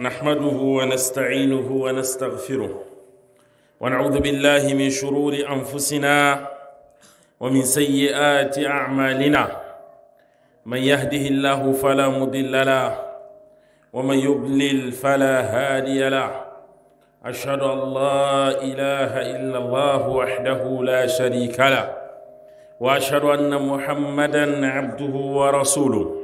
نحمده ونستعينه ونستغفره ونعوذ بالله من شرور انفسنا ومن سيئات اعمالنا من يهده الله فلا مضل له ومن يضلل فلا هادي له اشهد ان لا اله الا الله وحده لا شريك له واشهد ان محمدا عبده ورسوله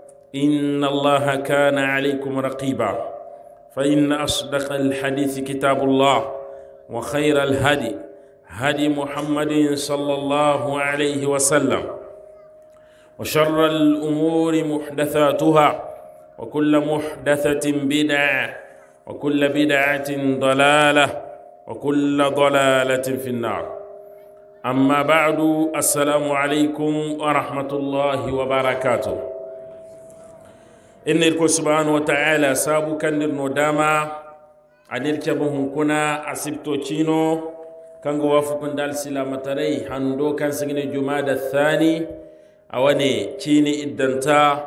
إن الله كان عليكم رقيبا فإن أصدق الحديث كتاب الله وخير الهدي هدي محمد صلى الله عليه وسلم وشر الأمور محدثاتها وكل محدثة بدعة وكل بدعة ضلالة وكل ضلالة في النار أما بعد السلام عليكم ورحمة الله وبركاته inna ko subhanahu wataala sabu kandir no dama adir kebo hunkuna asibto cino kango wafukundal silamatarai hando kan sigine jumada thani awane cini iddanta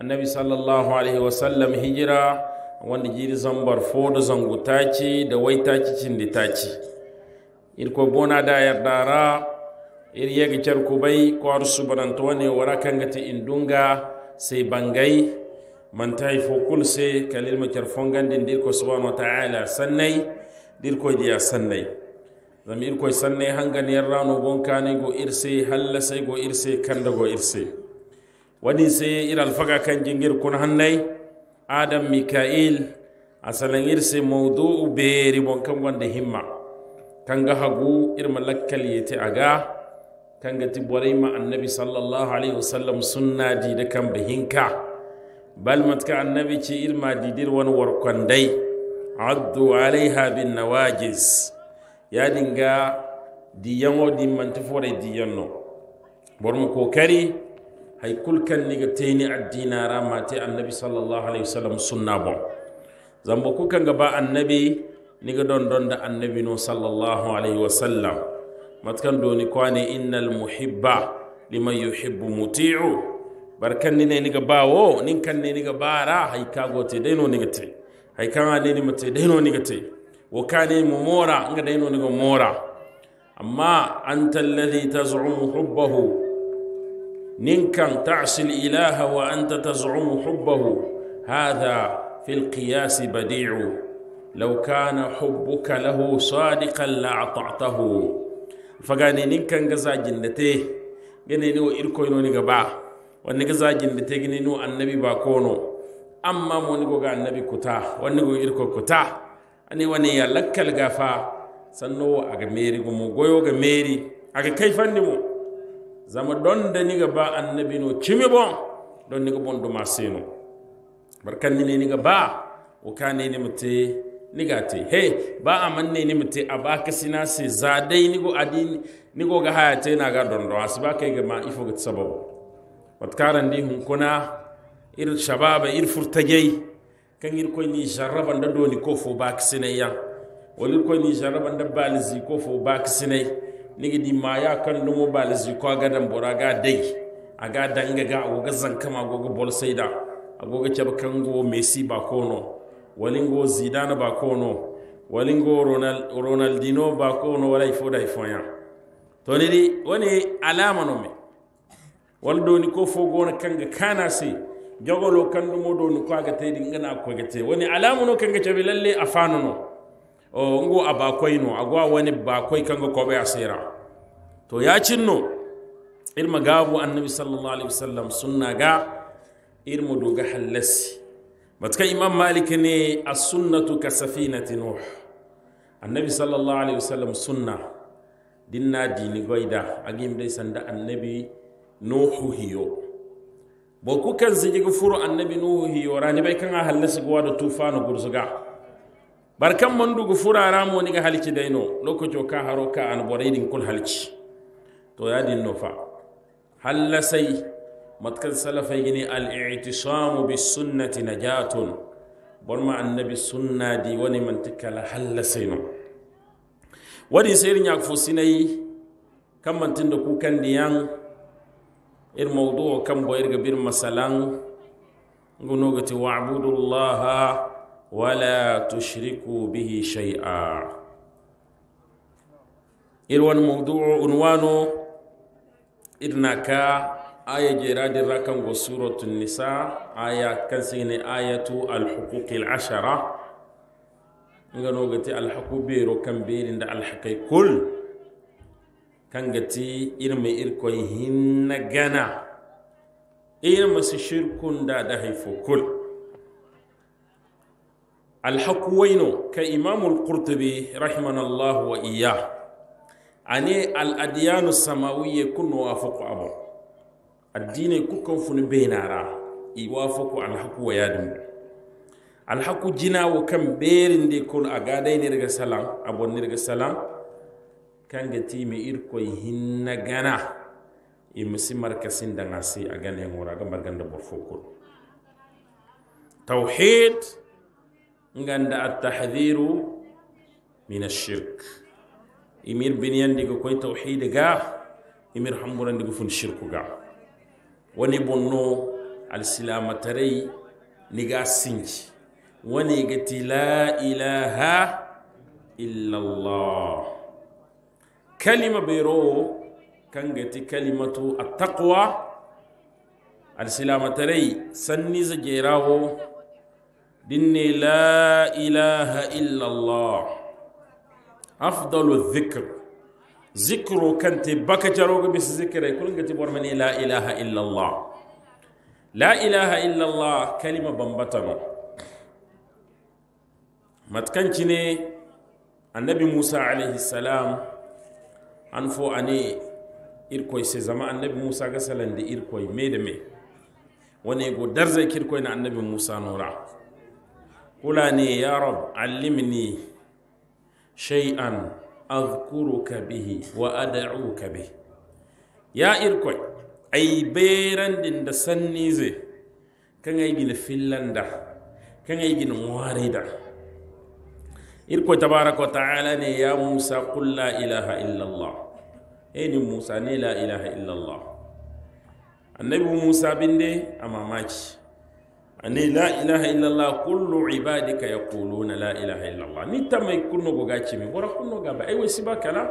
annabi sallallahu alaihi wasallam hijira wanda jiri zambar fodo zangu taci da wai taci cindi taci irko bona da yardara ir yegi bay ko arsu baranto ne indunga sai bangai Man ta fokul sai kalil makar fongan din dirko subhanau wa taala sannay sannai. diya sannay sannai, irkoy 'yan hangan yarrano gonkani go irse sai go irse kanda go irse Wani sai ir alfaga kan jingir kun hannai, adam mikail asalan irse Maudu, beeri bon kan gonde himma kanga hagu irma lakkal yete aga kanga ti borayma annabi sallallahu alaihi wasallam sunna di da kan bahinka bal matka annabi ce ilma didir wani warkwandai addu alaiha bin ya dinga diyan o di manti fore diyan mu kokari hay kulkan ni ga teni addina ramate annabi sallallahu alaihi wasallam sunna bon zambo kukan ga ba annabi ni ga don da annabi no sallallahu alaihi wasallam matkan doni kwane innal muhibba liman yuhibbu muti'u barkan ni ne bawo nin kan ne ga bara hay kago te dai no ga te hay kan ne ni mate dai no ga te wo ne mu mora nga dai no ga mora amma anta alladhi taz'umu hubbahu nin kan ta'sil ilaha wa anta taz'umu hubbahu hadha fi al-qiyas badi'u لو كان حبك له صادقا لاطعته فغاني نين كان غزا غني نو ايركو نوني غبا wani ga zagin da ta gini nuwa annabi ba kono amma mu ni goga annabi kuta wani goga irko kuta ani wani ya lakkal gafa a ga meri gumu goyo ga meri A ga kai fanni mu zama don da ni ga ba annabi no cimi bon don ni ga bon do masino barkan ni ni ga ba o kane ni mutte ni ga te he ba a manne ni mutte ka sina se zadai ni go adini ni go ga haya te na ga don do asba kai ga ma ifo ga sababu watkarandi hun kuna ir shababa ir furtajey kan ir koyni jarraban da doni ko fo bak sinay yan walir koyni jarraban da balizi ko fo bak sinay nigi di maya kan mo balizi ko ga dan bora dai aga danga ga kama go go bol saida kan go messi ba kono walingo zidane ba kono walingo ronaldino ba kono walay fo day foya to ni di woni alama no me wal doni ko fo gona kanga kana se jogolo kandu mo doni ko aga taydi ngana ko gate wani alamu no kanga tabi lalle afano no o ngo aba no agwa woni ba koy kanga ko be asira to ya cinno irma gabu annabi sallallahu alaihi wasallam sunna ga irmo doga hallasi matka imam malik ne as-sunnatu ka safinati nuh annabi sallallahu alaihi wasallam sunna dinna dini goida agim dai sanda annabi nuhu hiyo ku kan sigi furu annabi nuhu hiyo rani bai kan halle su gwa da tufanu gurzuga barkan man dugu fura ramu ni ga halki daino lokaci ka haro ka an din kul halki to ya din nufa halla sai matkan salafai gini al-i'tisamu bis sunnati najatun ma annabi sunna di wani mantikala halla sai no wadi sai irin ya fusinai kan mantin da kukan niyan. ir kan kambo irga bir masalan gunogati wa'budu llaha wala tushriku bihi shay'a ir wan mawdu'o unwano irna ka aya jeradirra kango suratu nisa aya kan sigine ayatu alhuquqi alashara nganogati alhaqu bero kan berinda alhaqay kul kangati irma irkoy hinna gana irma shirkun da dahay fo kul alhaku wayno ka imamul kurtubi rahimana allah wa iyah ani samawi ya samawiye kunno wafaku abo addine kukkan funi benara i wafaku alhaku wayadum alhaku jinawo kam berinde kol a gadaynirga salam abonnirga salam kanga ti irko hinna gana i misi markasin danga si a gana yan wura aga marganda bor fokul Tauhid. nganda at-tahdhiru min ash-shirk imir binyan digo koy tawhid ga imir hamburan digo fun shirku ga wani bonno al tarai. niga sinji wani gati la ilaha illallah كلمة بيرو كانت كلمة التقوى السلامة تري سني زجيراو دني لا إله إلا الله أفضل الذكر ذكر كنت بك جروك بس ذكر يقول لك بورمني لا إله إلا الله لا إله إلا الله كلمة بمبتنو تكنتني النبي موسى عليه السلام an fo ane irkoy se zama annabi musa ga salande irkwai me da me wani go darza kirkoy na annabi musa nora kula ne ya rab allimni shay'an azkuruka bihi wa ad'uka bi ya irkoy ay beran din da zai kan ay gina finlanda kan ay gina warida irko tabaraka wa ta'ala ne ya musa qul la ilaha illallah eni musa ne la ilaha illallah annabi musa binde a mamaki ne la ilaha illallah kullu ibadika yaquluna la ilaha illallah ni tamay kunno goga cimi bora kunno gaba si ba bakala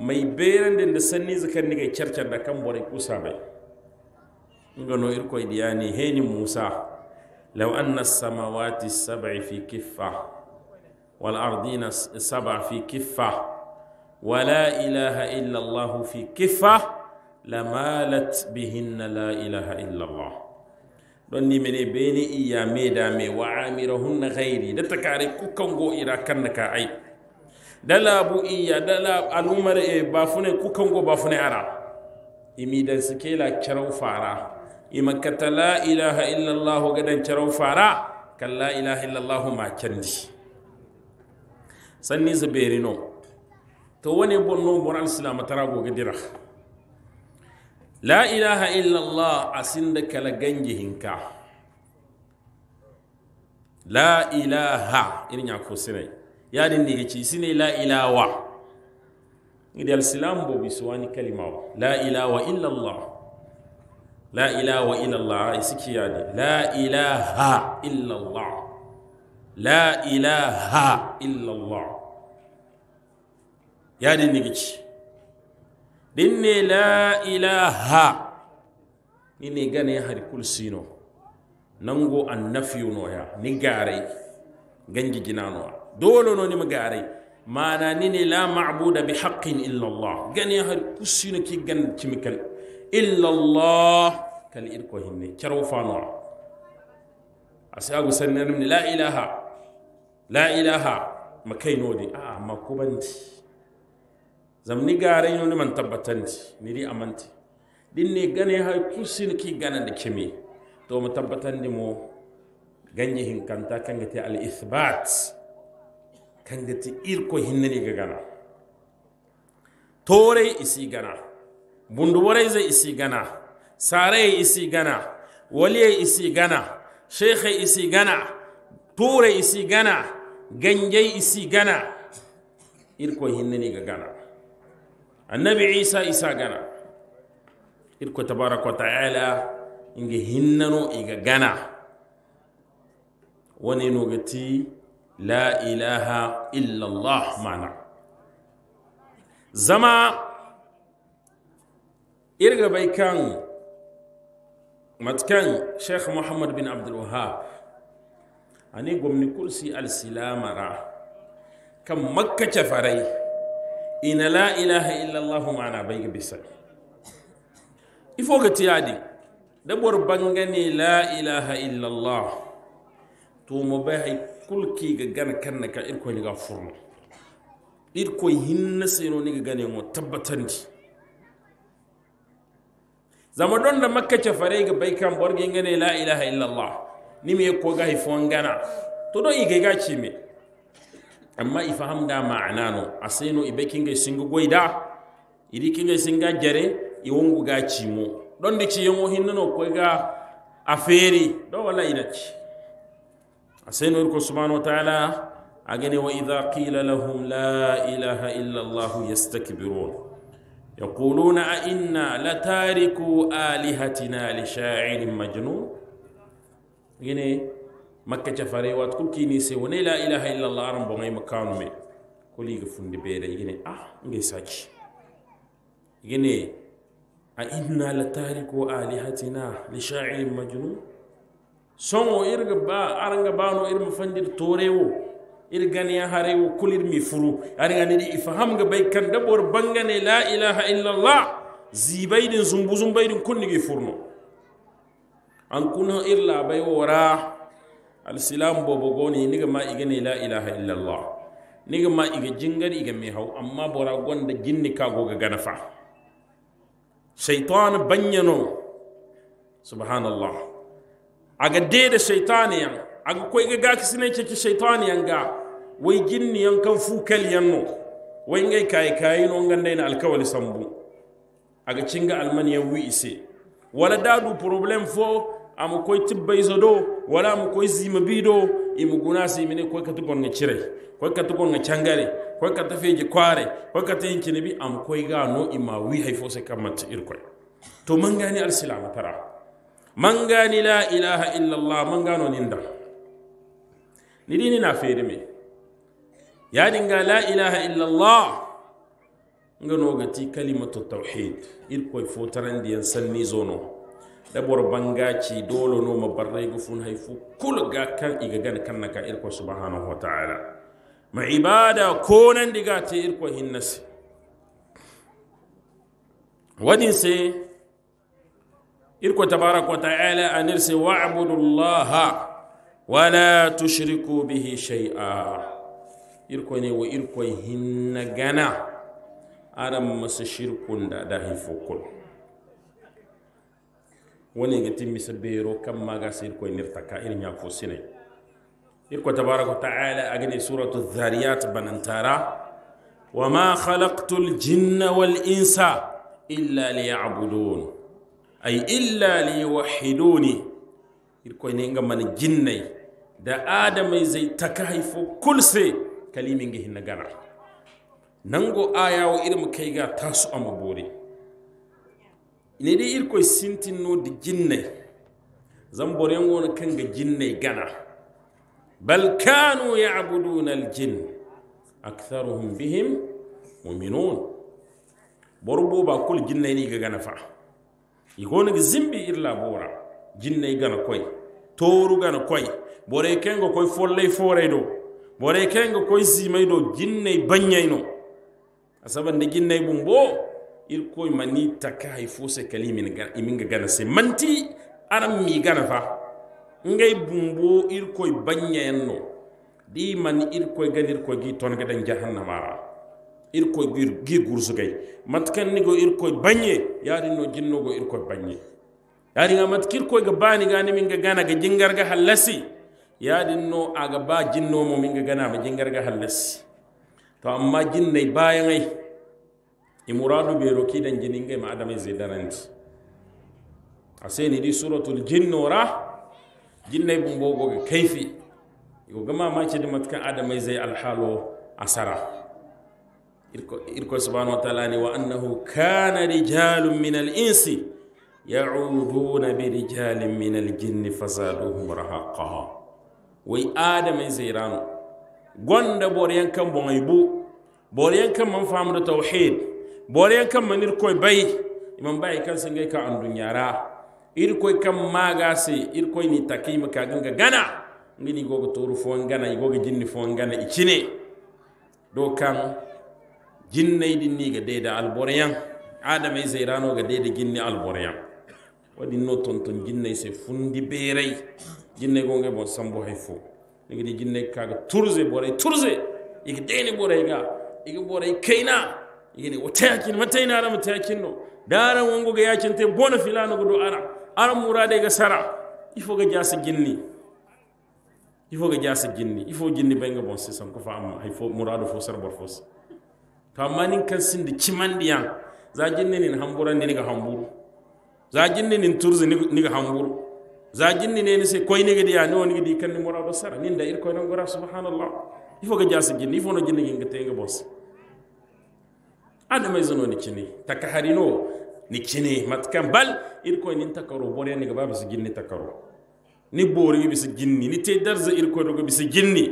mai berande da sanni zakan ni ga charchar da kan bora kusa bai no irko idiyani ni musa law anna as-samawati as-sab'i fi kiffah والأرضين سبع في كفة ولا إله إلا الله في كفة لما لت بهن لا إله إلا الله don ni mene bene iya me da me wa amira hun na gairi da ta kare kukan go ira kan na ka dala bu iya dala alumar e ba kukan go ba ara imi dan suke la kirau fara imakata la ilaha illallah gadan kirau fara kan la ilaha illallah ma kandi sanni sa beeri no to woni bonno boral silama taragoga dira la ilaha illallah asinda kala ganji hinka la ilaha Irin ya ini ñako sinay yaadi ndiga ci sine la ilawa idi alsilam bobi wani kalima ba. la ilawa illallah. allah la ilaha illa allah isiki yaadi la ilaha illallah. la ilaha illallah. yadi nigici dinne la ilaha ine gane hari kulsino nango annafiyu noya ni garai gangi ginanoa dole no ni magarai mana nini la ma'buda bi haqqin illa Allah gane hari kulsino ki gan cimikal illa Allah kal irko hinne charo fanoa asagu sannan la ilaha la ilaha makainodi a makubanti zamni yi yoni man ni di amanti ne gane har kusin ki da kemi to mo tabbatandi mo ganje hin kanta kangete al ithbat kangete irko hinnani ga gana tore isi gana bunduwarai zai isi gana sarai isi gana waliye isi gana shekhe isi gana ture isi gana ganye isi gana irko hinnani ga gana annabi isa isa gana irko tabaraka ta inga hinnano iga gana wani nogati la ilaha illallah mana zama irga bai kan matkan sheikh muhammad bin abdulwahab ani gwamni kursi silamara kan makka farai ina la ilaha illallah mana bai ga bisa ifo ga tiya da bor bangane la ilaha illallah to mu bai hai kulki ga gana kanna ka irko ni ga furna. irko hinna no ni ga gane mu tabbatandi zama don da makka ce fare ga bai kan borgin gane la ilaha illallah ni me ko ga hifon gana to don igai ga ci me amma da a sai no ibe kinga singa goida idi kinga singa jare iwongu ga cimo don de ciyengo hinno ko ga aferi do wala sai no irko subhanahu wa ta'ala agene wa idha qila lahum la ilaha illa allah yastakbirun يقولون أئنا لتاركوا majnun لشاعر مجنون Gine. makka cafare wat kul kini se wone la ilaha illallah aran bongai makanu me kuli ga funde bere igine ah ngai saki igine a inna la tariku alihatina li sha'irin majnun songo irga ba aranga bano irma fandir torewo irganiya harewo kulir mi furu aranga nidi ifaham ga bai kan dabor bangane la ilaha illallah zibaidin zumbu zumbaidin kunni gi furno an kuna irla bai wora alsilam bobo goni niga ma ne la ilaha illallah niga ma iga jingar iga me haw amma bora gonda jinni ka goga ganafa shaytan banyano subhanallah aga deda shaytani yan aga koy ga gaki sine ce shaytani yan ga wai jinni yan kan fu kal yan no way ngai kai kai no ngandai na alkawali sambu aga cinga almaniyan wi ise wala dadu problem fo ama koy tibbayso do wala ama koy zima bi do imu guna simine koy kata gonga cirey koy kata gonga changare koy kata feeje kware koy kata yin bi ama koy gano ima wi hay fo se kammanta irkoy to mangani al silama tara mangani la ilaha illallah mangano ninda ni dini na fere me dinga la ilaha illallah ngano gati kalimatu tawhid irkoy fo tarandiyan sanni zono da bangaci dole no ma barrai haifu kul ga kan iga gan kan naka irko subhanahu wa ta'ala ma ibada ko nan diga te irko hinnasi wadin se irko tabaraka wa ta'ala anir se wa'budullaha wa la tushriku bihi shay'a irko ne wa irko hinna gana aram masu shirkun da da haifu kul woni ga timmi sa beero kam maga sa irkoy nirta ka iri ñako sine irko tabaraka wa taala agani suratu dhariyat banantara wa khalaqtu jinna wal insa illa liyabudun ay illa liyuwahiduni irkoy ne ngamana jinnai da adama zai taka hay fo kulse kalimin ngi hinna gana nango ayawo kai ga tasu ama boori ne dai irko sintin no da jinnai zan boren wani kan ga jinnai gana bal ya ya'buduna na jinn aktharuhum bihim mu'minun borbo ba kul jinnai ne ga gana fa igoni ga zimbi irla bora jinnai gana koy toru gana koy bore kengo koy follai foray do bore kengo koy zimay do jinnai banyay no asaban da jinnai bumbo irkoy mani taka hay fose min ga min ga gana se manti aram mi gana fa ngay bumbo irkoy no di man irkoy ganir ko gi ton ga dan jahannama irkoy gir gi gursu gay matkan ni go irkoy banye yari no jinno go irkoy banye yari nga mat matkir koy ga bani ga min ga gana ga jingar ga halasi yari no aga ba jinno mo min ga gana ma jingar ga halasi to amma jinnai bayan ai imuradu ɓe rokiɗen jininge ma adama ze daranti a seni ɗi suratul jinnora jinnay bumbogoga kayfi igo gamamacede matkan adama ze alhaalo a sara irko subhanahu wa taala ni wa annahu kana rijalum min al insi yauduna birijalin min al jinni fazaduhum rahaqa way adama ze rano gonda boriyan kan bon ay bu boriyan man famudo tawhid bore kan manir koy bay imam bay kan singa ka an dunyara ir koy kam maga se ir koy ni takima ka ganga gana ngini gogo toru fo gana gogo jinni fo gana icine do kan jinnay din ni ga deda boreyan adama e zairano ga deda jinni boreyan wadi no tonton jinnay se fundi beray jinnay gonga bon sambo hay fo ngini jinnay kaga turze boray turze iga deni boray ga iga boray kayna yini wata yakin ara ina no dara wongo ga yakin te bona filana go do ara aran murade ga sara ifo ga jasa jinni. ifo ga jasa jinni. ifo jinni benga bon sisam ko fa amma hay fo murado fo sar bor fo to amma nin kan sindi cimandiyan za jinni nin hamburan ni ga hamburu za jinni nin turzi ni ga hamburu za jinni ne ni se koy ni ga diya ni woni di kan ni murado sara nin da ir koy non gora subhanallah ifo ga jasa jinni ifo no ginni ga tenga boss adama izono nikini ni nikini matkan bal irko ni takaro bore ni gaba bisu ginni takaro ni bori bisu ginni ni te darza irko dogo bisu ginni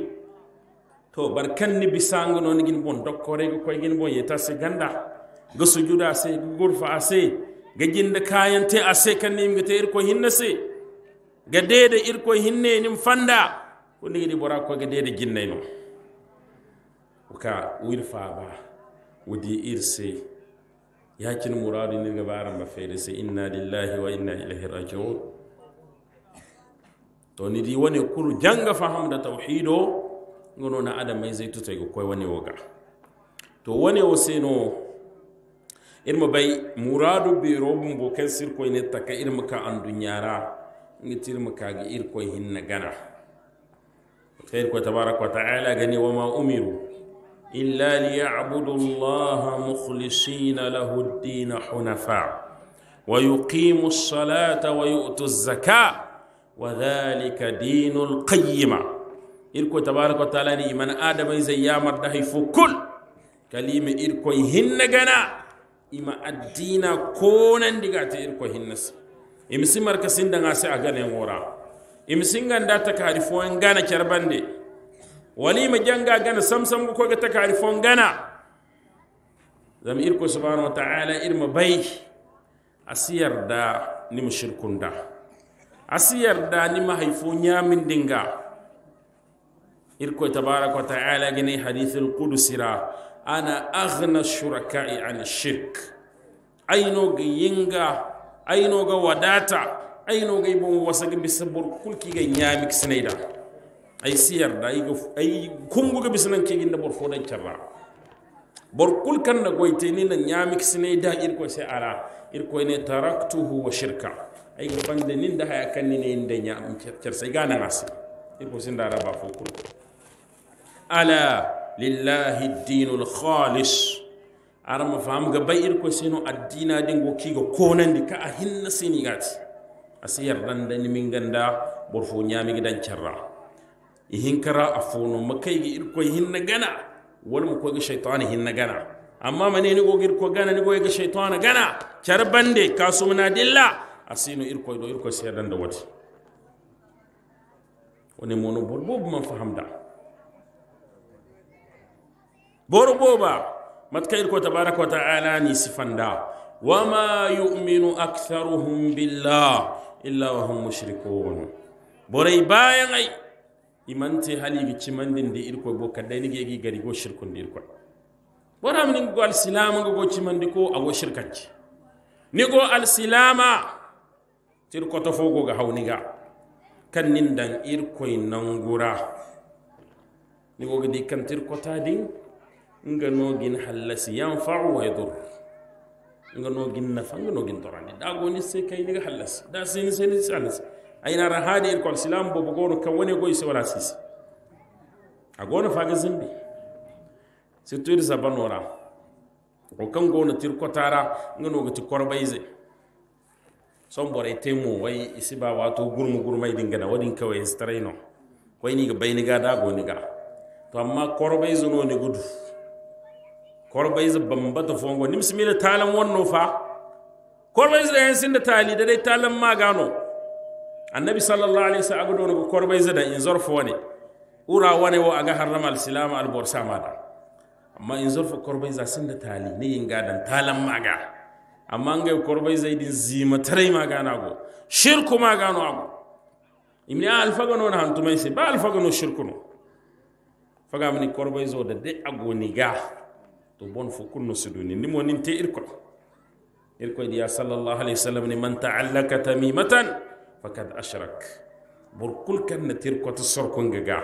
to barkan ni bisango non gin bon dokore ko koy gin bon yeta se ganda su sujuda se gurfa ase ga jinda kayan te ase kan ni ngate irko hinna se ga dede irko hinne ni fanda ko ni di bora ko ga dede no ka wirfa ba irse ya ودي إرسي ياكن مراد نلقى بارم بفيرسي إنا لله وإنا إليه راجعون to ni di wani kuru janga faham da tauhido ngono na adam mai zai tutai go koy wani woga to wani woseno irma bay muradu bi robum bo kan sir ta ka taka irma ka an dunyara Ni ma ka ga ir koy hinna gana khair ko tabarak wa ta'ala gani wa ma umiru إلا ليعبدوا الله مخلصين له الدين حنفاء ويقيموا الصلاة ويؤتوا الزكاة وذلك دين القيمة إلكو تبارك وتعالى من آدم إذا يا مرده كل كلمة إلكو جنا إما الدين كونا دقات إلكو هنس إمسي مركسين دنغاسي أغاني ورا إمسي عندك عارفون جنا كربان دي walima janga gana samsam ko ga takari fon gana zam irko subhanahu wa ta'ala irma bai asiyar da ni da asiyar da ni ya nyamin dinga irko tabaraka wa ta'ala gani hadithul qudusira ana aghna shuraka'i an shirk aino ga yinga aino ga wadata aino ga ibon wasa ga bisabur kulki ga nyamik sinaida ay siyar da ay kunguga ke ginda bor dan carra bor kul kanna ni na ñamikisine da ko se ara ne taraktuhu wa shirka ayga bande nin da haya kan ne kannine sai ñam cersa iga nanasi da ara ba fo kul ala lillahi khalis ara ma fam ga bay ko sino addina din go konan di ka a hinna sinigati asi yardanda min ganda bor fo ñamigi dan carra ihin kara a fono makai afono irko irkoy na gana wani mu koga shaitani shaytani na gana amma ni gogir ko gana ni goyga shaitani gana cara bande kasumna dilla asino irko do irko irkoy da wati woni mono borbo bu man fahamda boro boba matka irko tabaraka wa ta'ala ni sifanda wama yu'minu aktharuhum billah illa wa hum mushrikun borai bayan ai Iman imante cimandin da irko bo gi gari go shirkunde irkoy wara mini go al silama go cimandi ko ago shirkanci ni go ko to fo goga hawniga kan nin dan irkoy nangura ni go di kan ta din nga halasi yan yanfau wa yadur nga nogin nafa nga da go ni se ga halasi da seni seni hallasi ayna ra haade en ko bo bo gono kan woni goy si wala sisi a gono faga zimbi sirtude banora o kan gono tir kotara go ti korbayze son bore e temu way isiba wato gurmu gurmay dingana wadin kawai starayno koy ni ga bayni ga da goni ga to amma korbayze no ne gudu bamba to fongo nimsimila talan wonno fa korbayze da sinda tali da dai talan magano annabi sallallahu alaihi wasallam agudo no korbay zada in zorfo wane ura wane wo aga harrama al silama al borsa mada amma in zorfo korbay za sinda tali ne inga dan talan maga amma ngay korbay zaidin zima tarai maga nago shirku maga no ago imni alfaga no han tumai se ba alfaga no shirku no faga mini korbay zo da de ago ni ga to bon fo kunno suduni ni mo nin te irko irko diya sallallahu alaihi wasallam ni man ta'allaka tamimatan fakad ashrak burkul kan na tirkota sorkon gaga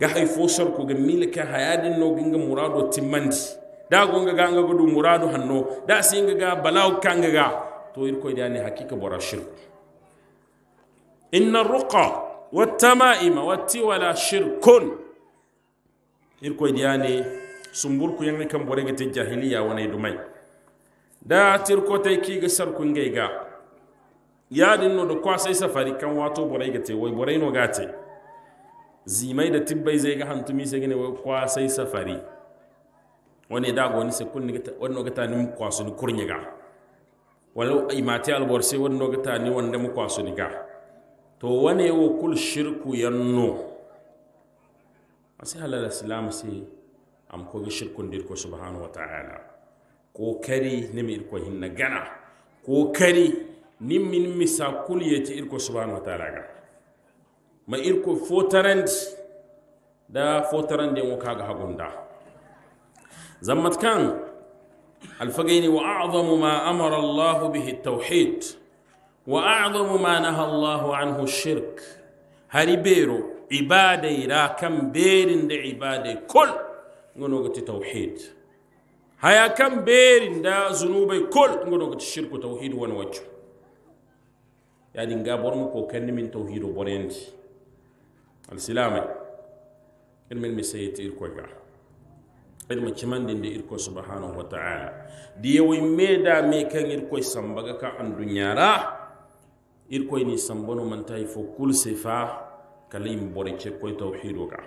ga haifo sorko ga milika hayadin no ginga murado timandi da gonga ga nga gudu murado hanno da singa ga balaw kanga ga to irko idani hakika bora shirku inna ruqa wattamaima wattiwala shirkun irko sumbur sumburku yanga kan bore ga jahiliya wani dumai da tirko tay ki ga sarkun gaiga yadin no da kwasai safari kan wato borai te wai borai no te zimai da tibbai zai ga hantumi sai gane wai kwasai safari wani da ga wani sekun ni ga wani gata ni kwasu ni kurnya ga walau imati al sai wani ta ni wanda mu kwasu ni ga to wani wo kul shirku yanno sai halal islam sai am ko ga shirkun dir ko subhanahu wa ta'ala ko kari ne mi ko hinna gana ko kari niŋ miŋ misakulu ye ti iriko subhanahu wa taala ga ma iriko fo tarandi da fo tarandiŋo kaga hagunda zammat kaŋ alfagayni wa a'zamu ma amara allahu bihi tawhid wa a'zamu ma naha allahu anhu shirk hari beero ibadai ra kaŋ beerinde ibadai kol ngonogoti tawhid haya kaŋ beerinda zunubay kol ngonogoti shirku tawhid wani waccu yadin ga bor mu ko kanni min tawhido bonendi al silama ilmin mi sayti irko ga ilma cimandinde irko subhanahu wa ta'ala diyewoy meeda me da me kan irkoy sambaga ka andu ñara irkoy ni sambono mantayi fo kulse fa kala im bore cekkoy e tawhido ga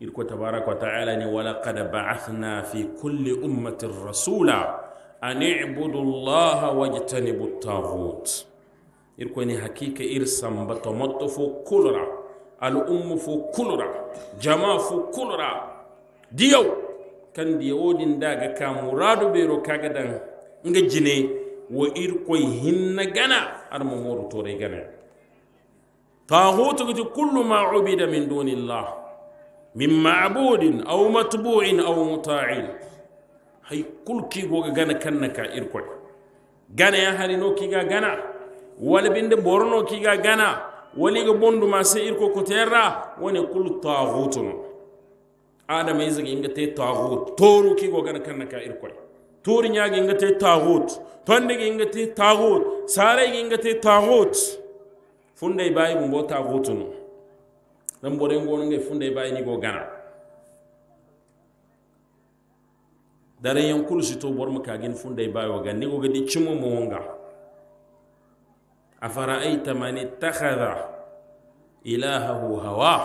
irko tabaraka wa ta'ala ni wala walaqad ba'athna fi kulli ummatin rasula an i'budu allaha wajtanibu at-taghut irkoyni hakika ir samba tomatto fo kulora al ummu fo kulora jama fo kulora diyo kan diya odin daga ka muradu bero kaga dan nga jine wo irkoy hinna gana ar mo moru tore gana tahutu gati kullu ma ubida min dunillah min ma'budin aw matbu'in aw muta'in hay kulki goga gana kannaka irko gana ya harino kiga gana wala binde borno kiga gana wali ga bondu ma sai irko ko terra woni kul taghutun adam yi zagi inga te taghut toru ki go gana kanna ka irko turi nya ga inga te taghut tonde ga inga te taghut sare ga inga te taghut funde bu bumbo taghutun dan bore ngon ngai funde bayi ni go gana daren yankulu to bor makagin funde bayi wa gani go gadi cimo mo wonga أفرأيت من اتخذ إلهه هواه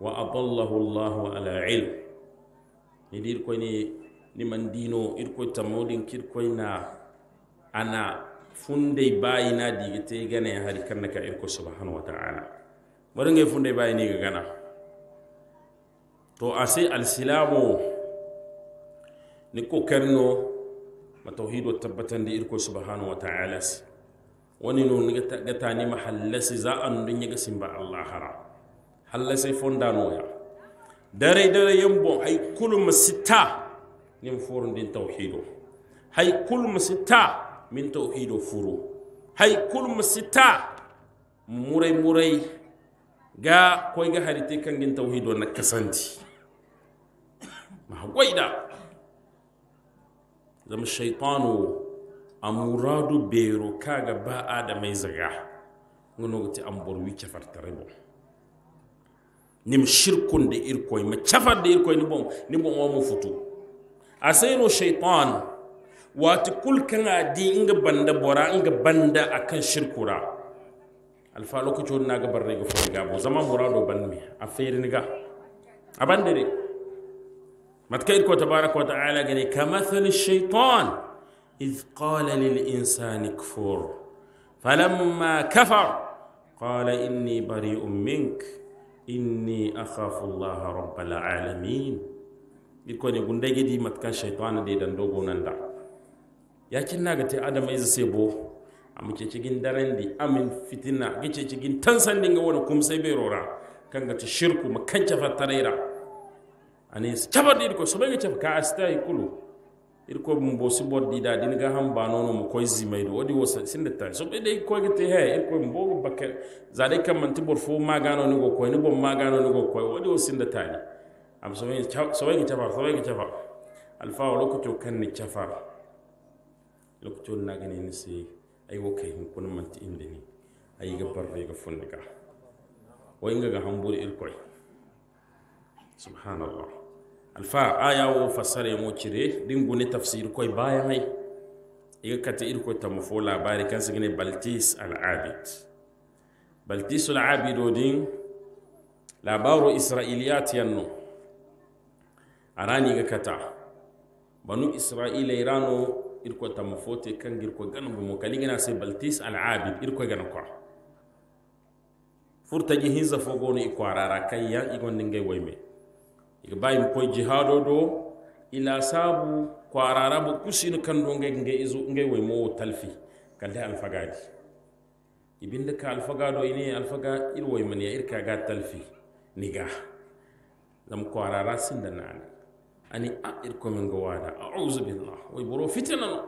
وأضله الله على علم يدير كوني نمن دينو إركو تمودين كيركوينا أنا فندي باينا ديجتي غني هاري كنك إركو سبحانه وتعالى مرنجي فندي بايني غنا تو أسي السلامو نكو كرنو ما توحيد وتبتن دي إركو سبحانه وتعالى سي Wani woni no gatanima hallasi za a andu gasin ba allah hara hallasi noya dare dare yembo hay kulma sitta nim furu din tauhido hay kulma min tauhido furu hay kulma murai murai ga koy ga harite gin tauhido na kasanti ma goida zama shaytanu amuradu bero kaga ba adamai zaga ngonogoti ambor wi cafartare bon nim shirkonde irkoy ma cafarde irkoy ni bon ni bon mu futu asayno ti kul kulkanga di inga banda bora inga banda akan shirkura alfalo ko wani na ga rage ga gabo zama muradu ban mi a fayar ni a bandare matka ko tabaraka wa ta'ala gane ka mathali shaitan إذ قال للإنسان كفر فلما كفر قال إني بريء منك إني أخاف الله رب العالمين يكون يقول دي دي متكا شيطان دي دان دوغو نندا يا كنا غتي آدم إذا سيبو أم تشيجين دارندي أمين فتنة تشيجين تنسان دي غوانا كوم سيبيرورا كان غتي شركو مكانشا فتريرا أنيس تشابر دي كو سبعي تشابر كاستا يقولو irko bum bo si di da din ga ham ba nono mo koy zimay do wodi wosa sin da tan so be dai koy gite he irko bum bo bakke za dai kam manti bor ma ni go koy ni bom ma ni go koy wodi wosa sin da ni am so wi so wi chafa so wi chafa fa wa lokato kan ni chafa lokato na gani ni sai ay wo kay hin kun manti inde ni ay ga barbe ga fundiga wa inga ga hambur irko subhanallah alfa aya wo fassara mo cire din gune tafsir koy baya hay iga kata koy tamfo la labari kan sigine baltis al abid baltis al abid odin labaru isra'iliyat yanno arani ga kata banu isra'ila e irano koy tamfo te kan koy ganu mo kaligina se baltis al abid koy ganu ko furtaji hinza fogono ikwara rakayya igon ningai wayme iga bayin koy jihado do ila sabu kwarara bu kusinu kando ngai ngai izo ngai way mo talfi kalde alfagadi da ka alfagado ini alfaga ir way man ya ka ga talfi niga zam kwarara da nan ani a ir ko min gowada a'uzu billah way boro fitana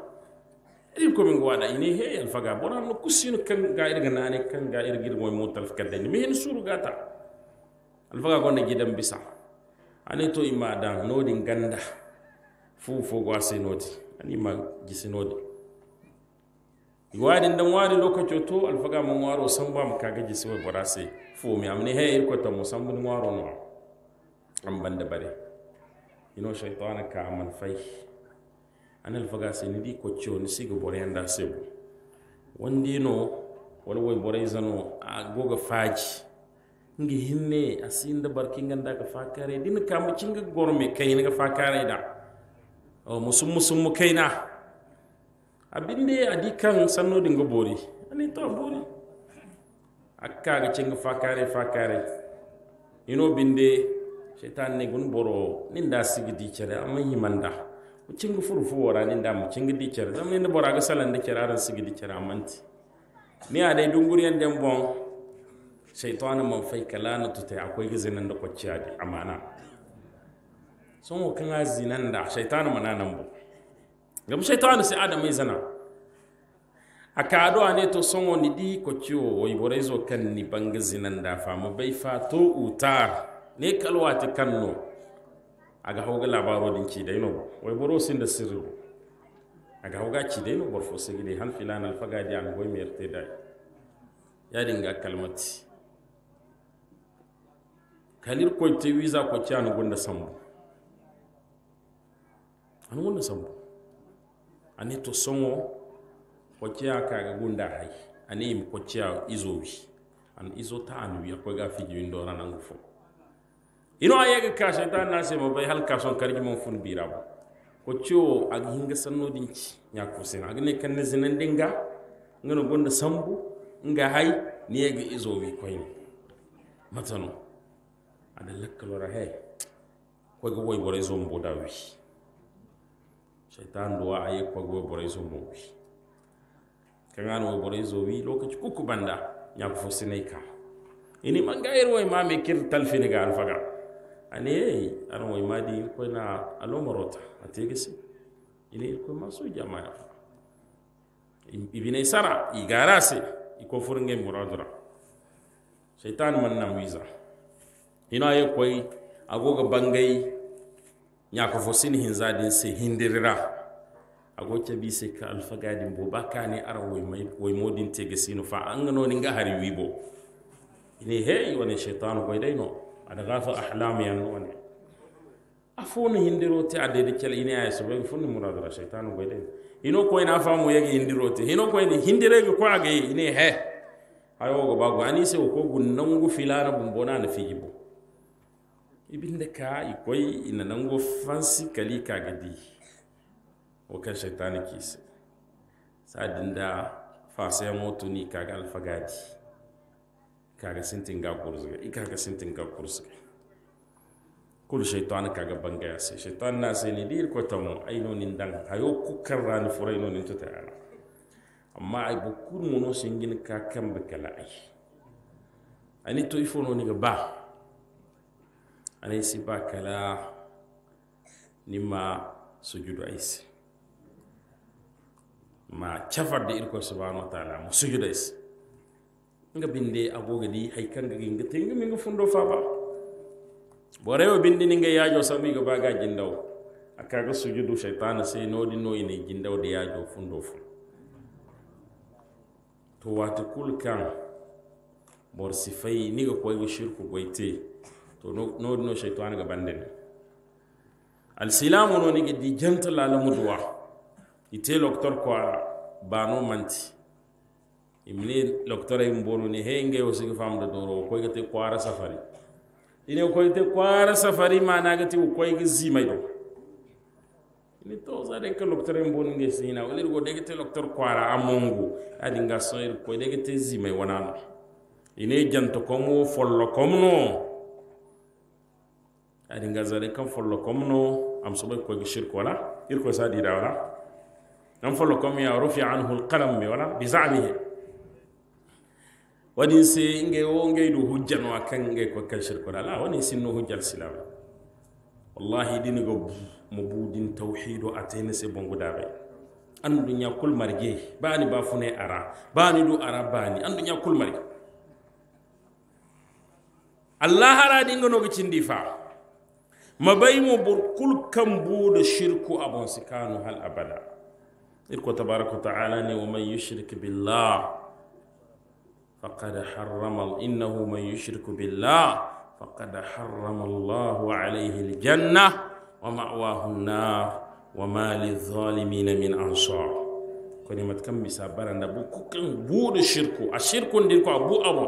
ir ko min gowada ini he alfaga boro no kusinu kan ga ir ga nane kan ga ir gir mo talfi kalde ni min suru gata alfaga gonda gidan bisa ani to ima dan nodi ganda fu fo go nodi ani ma gisinodi iwadin dan wari lokacin to alfaga mun waro san ba mu kaga gisi wai borase fu mi amne he ko to mun waro no am banda bare ino shaytana ka aman fai an alfaga sai ni di ko cho ni sigo bore anda se wandi no wani wai bore zano a goga faji nga hinne a sinda barki da ka fakare ka kamu cinga gorme kai ga fakare da o musum musum mu kaina abinde adi kan sanno dinga bori ani to bori akka ga cinga fakare fakare ino binde shaitan ne gun boro da sigi di dicere amma manda mu cinga wora nin da mu cinga dicere zamu ninda bora ga salan da kiraran sigi dicere amanti ni dai dunguriyan den bon shaitana man fai kalana tutai akwai gizinan da kwaciya da amana sun hukan nan da shaitana mana nan bu gabu shaitana sai adam zana a kaduwa ne to sun wani di ko wai bore zo kan ni banga zinan da fama bai fato uta ne kalwa ta kanno a ga hauga labaro din ci daino wai boro sin da sirri a ga hauga ci daino barfo sigide han filan alfaga di an mai merte dai ya dinga kalmati kalir koyte wiza ko ciyano gonda sambu an gonda sambu ani to songo ko ciya ga gonda hay ani im ko ciya izowi an izo ta an wiya ko ga fiji min dora nangu fo ino ayaga ka shaitan na se mo bay hal ka son karji mon fun birabo ko ciwo ag hinga sanno dinci nya ko sen ag ne kan zinan dinga ngano gonda sambu nga hay ni yaga izowi koyni matano ana lakkalora he koyga woy boray zombo da wi shaitan duwa ko koyga woy zon zombo wi kaŋa no woy boray zo wi lokaci kukku banda ñako fo sinay ka ini man gayir woy ma me kir talfini ga alfaga ani ye ana woy ma di koyna alomorota ategesi ini koy ma soja ma yafa ibine sara igarase iko furunge muradura shaitan man nam wiza hina ye koy agoga bangay ñaka fo sin zadin se hindirira ago bi se ka alfagadin bo bakani ara woymay modin tege sino fa ni nga hari wibo ini hey woni cheitanu koy dayno aɗa gafa ahlam yan woni a hindiro hindirote a dede cal ine aya soɓe fonni muradara shaitanu koy dayno hino koyne na famu yege hindirote hino koyne hindirege ko agaye ine he hayogo bago ani se o ko gun nangu filana bum bona na yi bo ibinde ka ikoi inanango fansi kali kagadi wakan shaitani kise sadin da fasa motu ni kaga alfagadi kaga sintin ga kurzuga ga sintin ga kurzuga kul shaitani kaga banga ya sai shaitani na sai ni dir ko tamu aino nin dan hayo kukan rani furaino nin tuta amma ai bukur mono singin ka kan bakala ai ani to ifono ni ga ba anayesi ba kala ni ma sujudu aysi ma cafar cafarde irko subhanahu wa taala mu sujudu aysi nga binde agoga di hay kanga gi nga yi mi nga fundo ba bo rewo binde ni nga yajo sami ga baga jindaw akaga sujudu shaitana sai nodi no ine jindaw de yajo fundo fu to wata kulkan bor sifai ni ga koyi shirku goite to no no shaitan ga banden al silamu no nigi di jantala la la mudwa ite doktor ko ba no manti imni doktor ay mboro ni henge o sigi fam da doro ko gate ara safari ine ko ko ara safari ma na gate ko gi zimai do ni to za de ka doktor ay mboro ni sina wala go de gate doktor ara amongu adi nga soir ko de gate zimai wanano ine janto komo follo komno adi ngazare kan follo komno am soɓoy koge shirque wala irkoy sa diɗa wala an follo kom ya rufi anhu qalam mi wala bi zamihi waɗin se ngey wo ngey ɗo hujjano a kan ngey koy kan shirque wala la woni sinno hujjal silama wallahi ɗinigo mo buudin tawhido atene se bongudaɓe andu nya kul marge bani ba fune ara bani du ara bani andu nya kul marge allah hara dingo no gicindi fa ما بيمو بر كل كم بود شركو أبو سكانو هل أبدا إلكو تبارك وتعالى ومن يشرك بالله فقد حرم إنه من يشرك بالله فقد حرم الله عليه الجنة ومأواه النار وما للظالمين من أنصار كوني ما تكمل سابرا نبو كوكن بود شركو أشركو ندركو أبو أبو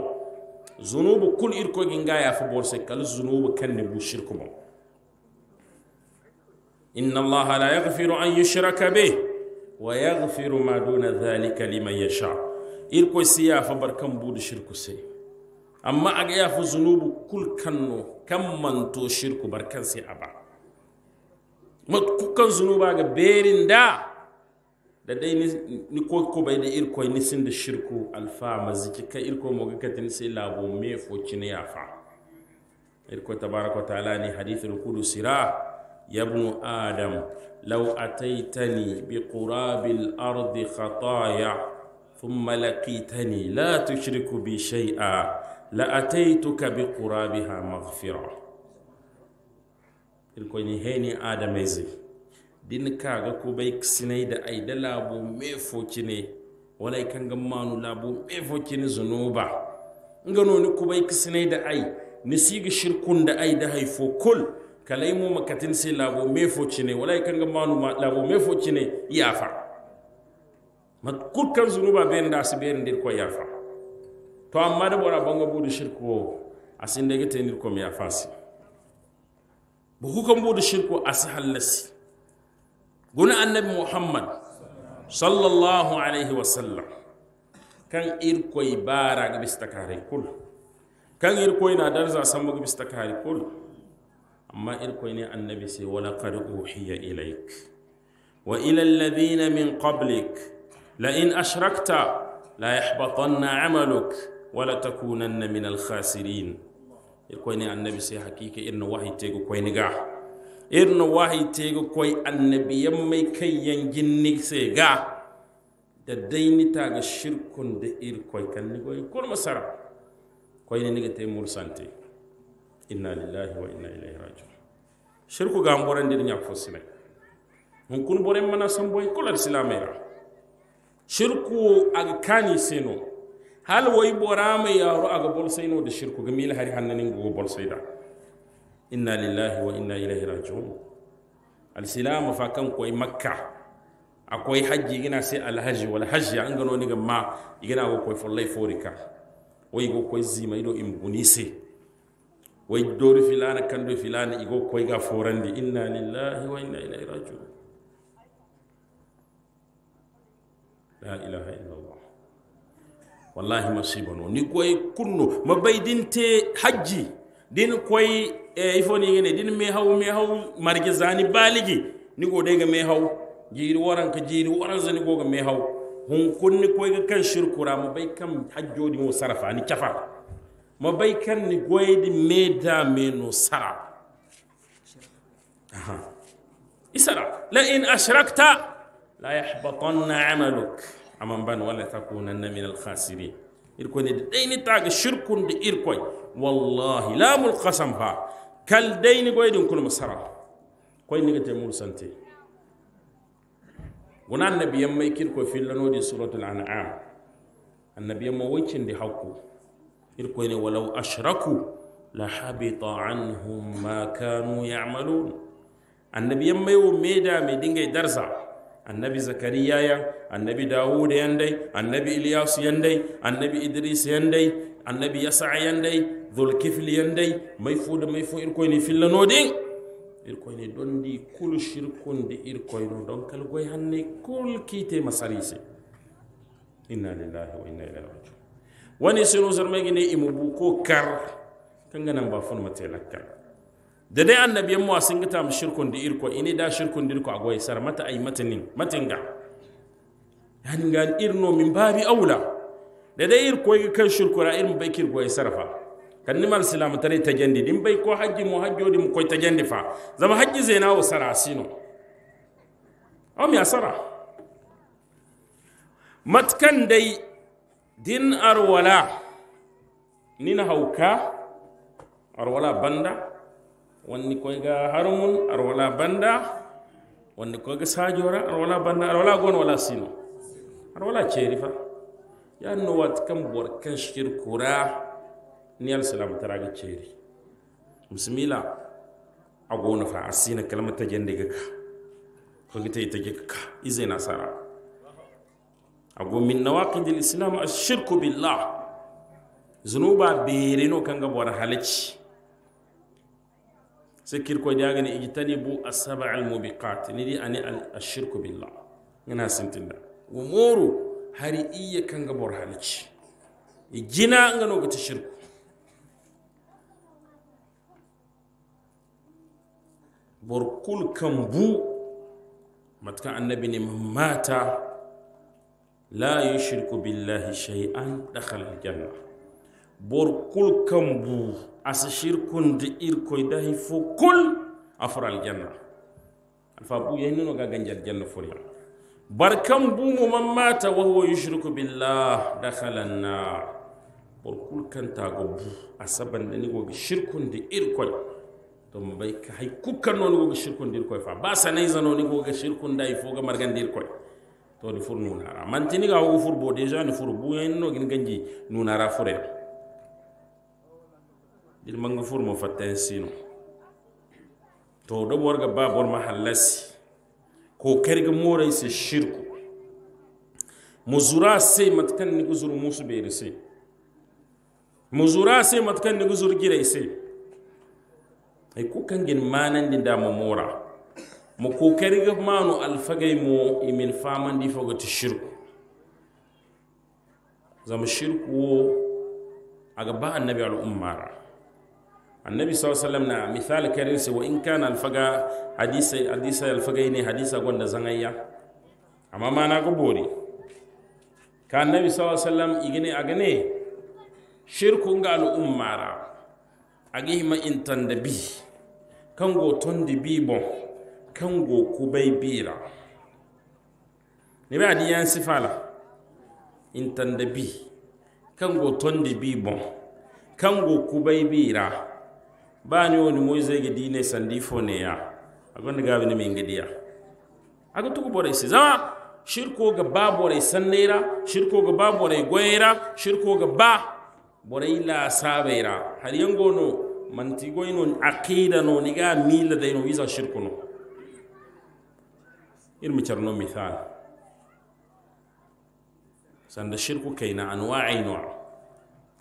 زنوب كل إركو جنجايا فبور سكال زنوب كن بو inna allaha la yaghfiru an yushraka bih wa yaghfiru ma duna dhalika liman yasha irko siya fa barkan budu shirku sai amma aga ya fa zunubu kul kanno kan manto shirku barkan sai aba matkukan zunuba ga berin da da dai ni ko bai da irko ni sin da shirku alfa maziki ka irko mo ga katin sai labo me fo ya fa irko tabaraka taala ni hadithul qudusira يا ابن آدم لو أتيتني بقراب الأرض خطايا ثم لقيتني لا تشرك بي شيئا لأتيتك بقرابها مغفرة الكوني هيني آدم يزي دين كاغا كوبايك سنيدا أي دلابو ميفو كيني ولا يكن غمانو لابو ميفو كيني زنوبا نغنو نكوبايك سنيدا أي نسيغ شركون دا أي دا هيفو كل kalaymo makatin sai labo me fo cine walay kanga ma labo me fo ne yafa mat kut kan zunuba bayan da se ben dir ko yafa to amma da bora banga budu shirku asin daga tenir ko yafa si bu hukan budu shirku si hallasi guna annabi muhammad sallallahu alaihi wasallam kan irkoy bara ga bistakare kul kan irkoi na darza sambo ga bistakare kul amma irkoi ne annabi sai se walaqad uhiya ilayk wa ila alladhina min qablik la in ashrakta la yahbatanna amaluk wala takunanna min alkhasirin Irkoi ne annabi sai hakika irna wahi tego koyniga Irna wahi tego koy annabi yammay kayyan ginnik se ga da daini dainita ga shirkun da irkoi kan ni goy kurmasara koyne niga te mursante inna lillahi wa inna ilayhi rajiun shirku ga mboren dir nyak fo sine hon kun boren mana samboy kulal silamera shirku aga kani seno hal way borama yaro aga bol seno de shirku ga mil hari hannanin go bol sayda inna lillahi wa inna ilayhi rajiun al silama fa kan koy makkah akwai hajji igina sai alhaji wal hajji an gano ni ga ma igina go koy follai forika way go koy zima ido im gunise way dooru filana kando filana igo koyga forandi inna lillahi wa inna ilayhi rajiun la ilaha illallah wallahi masiba no ni koy kunno ma baydinte hajji din koy e eh, ifoni ngene din me haw me haw marge zani baligi ni go de ga me haw jiri waran ka jiri waran zani go ga me haw hun kunni koy ga kan shirkura mu bay kam hajjodi mo sarafa ni cafa ما بيكن نقويد ميدا منو سرع أها إسرع لئن أشركت لا يحبطن عملك أمن بن ولا تكونن من الخاسرين إركوين دين تاج شركون دي والله لا ملقسم فا كل دين قويد كل مسرع قوي نيجي تمول سنتي ونا النبي يما يكير كوي في لنودي سورة الأنعام النبي يما ويتشن دي حقو irkoyne walaw ashraku la habita anhum ma kanu yamalun annabi yammay wo meedame dingay darsa annabi zakariya ya annabi dawuda yanday annabi ilyasu yanday annabi idris yanday annabi yasa yanday dhulkifli yanday may fuuda may fo irkoyne fillano ɗin irkoyne ɗondi kul shirkunde irkoyno ɗon kala goy hanne kul kiite masarise inna lillahi wa inna ilahi rajiun wani sino sarmegine imubu ko kar kanga nan ba fon matela kar da dai annabiyan mu sun gita mu shirkun da irko ine da shirkun da irko agoyi sar mata ai matanin matinga yani ga irno min babi aula da dai irko ga kan shirkura irin bai kirgo sarfa kan nimar silam tare ta gendi din bai ko haji mu hajjo mu ko ta gendi fa zama haji zaina wa sarasino am ya sara matkan dai din arwala nina hauka arwala banda wonni koyga harmun arwala banda wonni koyga sajora arwala banda arwala gon wala sino arwala cherifa fa no wat kam bor kan shir kura ni al salam taraga cheri bismillah agona fa asina kalmata jende ga ko gitay ita ga ka izai nasara ago min nawaqidil islam ashirku billah zunuba bereno kanga bora halaci sikir ko jagani ijtanibu as-sab'a al-mubiqat nidi ani ashirku billah ngana sintinda umoru hari iya kanga bora halaci igina ngano gata shirku bor kul kambu matka annabi ne mata لا يشرك بالله شيئا دخل الجنة بور كل كمبو أسشير كند إير كويده فو كل أفر الجنة الفابو يهنون وغا غنجا الجنة فوريا بار كمبو ممن مات وهو يشرك بالله دخل النار بور كل كنتا غبو أسبن لني وغا شير كند إير كوي تو مبايك هاي كوكا نون وغا شير كند كوي فا باسا نيزا نون وغا شير كند كوي to ni furu nunara mantini ga wo furu bo deja ni furu bu yen no gin ganji nunara fure dil manga furu mo fatten sino to do borga ba bor mahallasi ko kerga moray se shirku muzura se matkan ni guzur musu be se muzura se matkan ni guzur gire se ay ku kangin manan da mo mora mu kokari ga manu alfagai mu imin famandi ta shirku zama shirku a gaba ba annabi al'umma annabi saw sallam na misal karin se wa in kana alfaga hadisa hadisa alfagai ne hadisa gonda zangayya amma mana ko bori ka annabi saw sallam igine agane shirku ga al a agi ma da bi kango di bi bon kan go kubay bira ne ba di yan sifala tanda bi kan go tonde bi bon kan go kubay bira ba ni woni dine sandi ne ya agonde gabe ne min gediya to tugo bore se zama shirko ga ba bore sannera shirko ga ba bore goyera shirko ga ba boray la saɓeyra har yangono mantigoyno aqida no ga mila dayno wisa shirko no irmi carno mithal sanda shirku kayna anwa'i no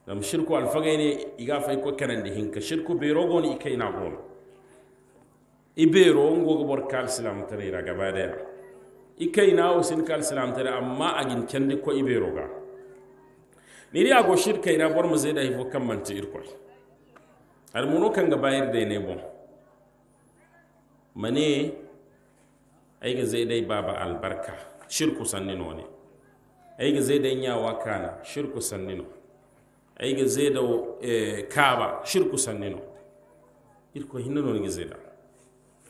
dam shirku alfagayne iga fay ko kanande hinka shirku berogoni ikayna gona ibero ngogo bor kal islam tare raga badaya ikayna o sin kal islam tare amma agin candi ko ibero ga niri ago shirka ina bor mu zeda hifo kammanta irko har muno kan ga bayar da ne bon mane zai dai baba albarka shirku ga zai dai ñawa kana shirku sannino zai da eh, kaaba shirku sannino irko hinna zai da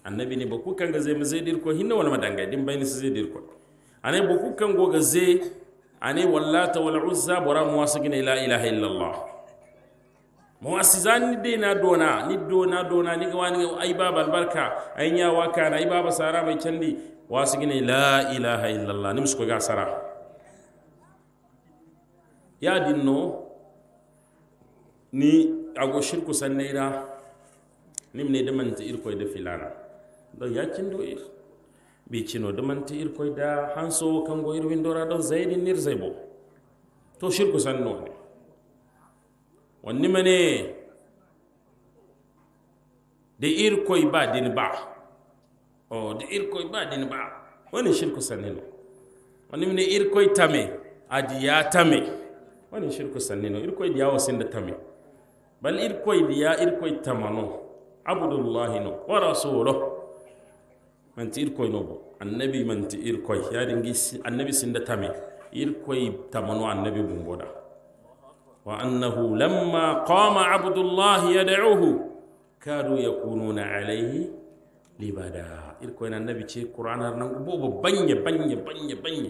annabi ne boku ga zai mu zai dirko hinna walma dangay ɗin bayni so zeyda irko kan go ga zai anai wallata wal uzza bora mowasagina la ilaha illallah muassiza ni de na dona ni dona dona ni ga ni ai baba albarka ai nya wa na ai baba sara mai kandi wasu gine la ilaha illallah ni musko ga sara ya dinno ni ago shirku sanneira ni ne damanta irko da filana don ya do ir bi cino damanta irko da hanso kango irwin dora don zaidin nir zaibo to shirku sanno ne wani de da irkoi ba din ba o da irkoi ba din ba wani shirku sannino wani mane irkoi tame adiya tame wani shirku sannino irkoi diya wasin da tame bal irkoi diya irkoi tamano abdullahi no wa rasuluhu manti irkoi no bo annabi manti irkoi ya dingi annabi sinda tame irkoi tamano annabi bumboda وأنه لما قام عبد الله يدعوه كانوا يكونون عليه لبدا إلكوين النبي تشي قرآن هرنان بوب بني بني بني بني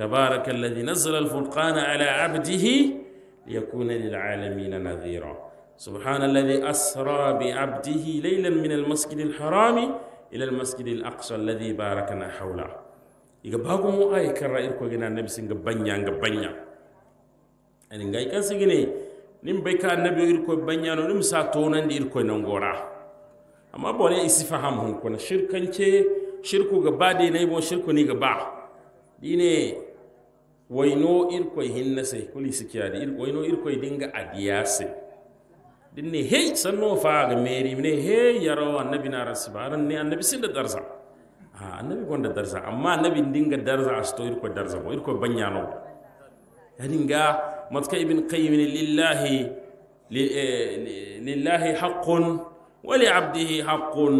تبارك الذي نزل الفرقان على عبده ليكون للعالمين نذيرا سبحان الذي أسرى بعبده ليلا من المسجد الحرام إلى المسجد الأقصى الذي باركنا حوله يقبهكم آية كرا إلكوين النبي سنقبنيا قبنيا anin ga ikan sigine nin bai ka annabi irko banyano nim sa tonan di irko nan gora amma bone isi faham hun kuna shirkance shirku gaba de nay bon shirku ni gaba dine waino irko hinna sai kuli sikiya di irko waino irko dinga adiyase dinne hey sanno fa ga meri ne hey yaro annabi na rasibaran ne annabi sin da darsa a ah, annabi gonda darza amma annabi dinga darsa asto irko darza bo irko banyano dinga. matka ibn qayyim lillahi lillahi haqqun wa li abdihi haqqun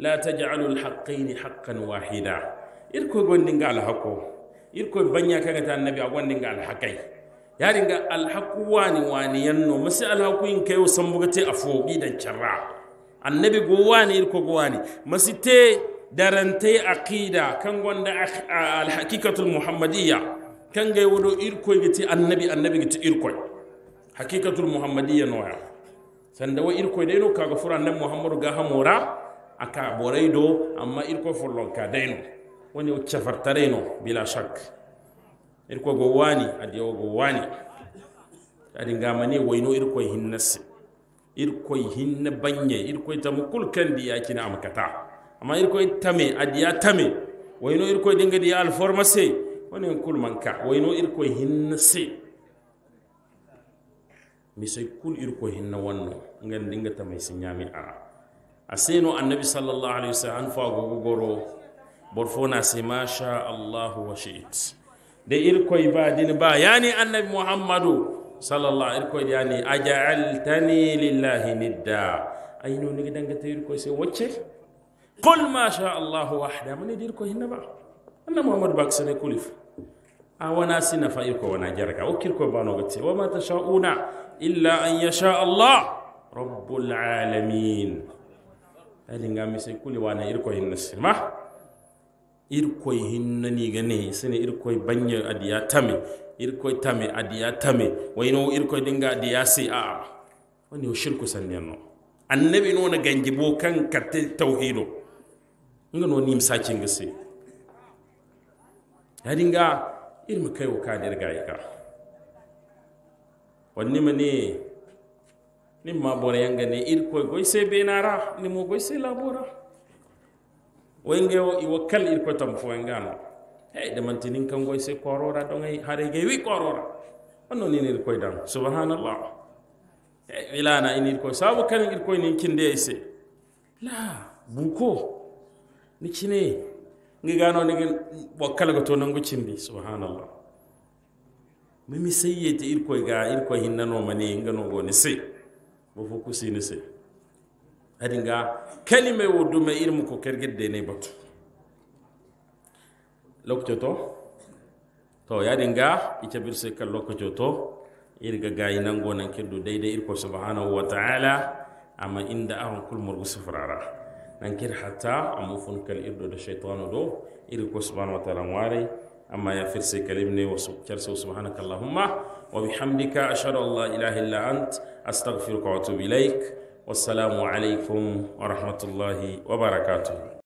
la taj'alu al-haqqayn haqqan wahida irko gondinga al haqqo irko banya kaga ta nabi a gondinga al haqqai yaringa al haqqu wani wani yanno masi al haqqu in kayo sambugate afobi dan charra annabi go wani irko go wani masi te darantai aqida kan gonda al haqiqatul muhammadiyya kangay wodo irkoy gati annabi annabi gati irkoy hakikatul muhammadiyya noya sanda wa irkoy dayno kaga fura nan muhammadu ga hamora aka boray do amma irkoi furlon ka dayno woni o no bila shak irkoy go wani adiyo go wani adi ngamani wayno irkoy Irkoi hin hinna banye irkoy tamu kulkandi yakina am kata amma irkoy tame adiya tame Waino irkoi dinga diya alformase ونين كل من كح وينو إركو هن سي مسي كل إركو هن ونو عن دينك تمي سنيامي آ أسينو النبي صلى الله عليه وسلم أنفع غوغورو برفونا سما شاء الله وشئت دي إركو يبادين با يعني النبي محمد صلى الله عليه وسلم يعني أجعلتني لله ندا أينو نقدر نقول كويس وجه قل ما شاء الله وحده من يدير كويس نبأ anna muhammad bak sene kulif a wana sina fa irko wana jaraka o kirko banogo te wama tashauna illa an yasha allah rabbul alamin ali ngami se kuli wana irko hinna sima irkoy hinnaniga ne sene irko banya adiya tame irko tame adiya tame wayno irko dinga adiya si a woni o shirku sannenno annabi noona ganji bo kan katte tauhido nga no nim sacinga si haringa irma kai wa kadir ga ika wani mane ni ma bora yanga ne ir koy goy se benara ni mo goi se labora wenge wo i wakal ir ko tam fo ngana hey de man tinin kan goi se korora don ay hare ge wi korora onno ni ir koy dan subhanallah hey ilana ini ir koy sabu kan ir koy ni kinde ise la buko ni kine ngi gano ni wakkala ko to nangu cindi subhanallah mimi sayyete irko ga irko hinnano mani no go ni se bo foku si ni se adi nga kalime wo dume irmu ko de ne batu lokto to to yadi nga bir se kal lokto to irga gayi nango nan keddu dayde irko subhanahu wa ta'ala amma inda ahon kulmurgu sufrara nankir hatta amu fun kal irdo da shaytanu do iri ko subhanahu wa ta'ala ngware amma ya firse kalimne wa subhanaka subhanaka allahumma wa bihamdika ashhadu an la ilaha illa ant astaghfiruka wa atubu ilaik wassalamu alaikum wa rahmatullahi wa barakatuh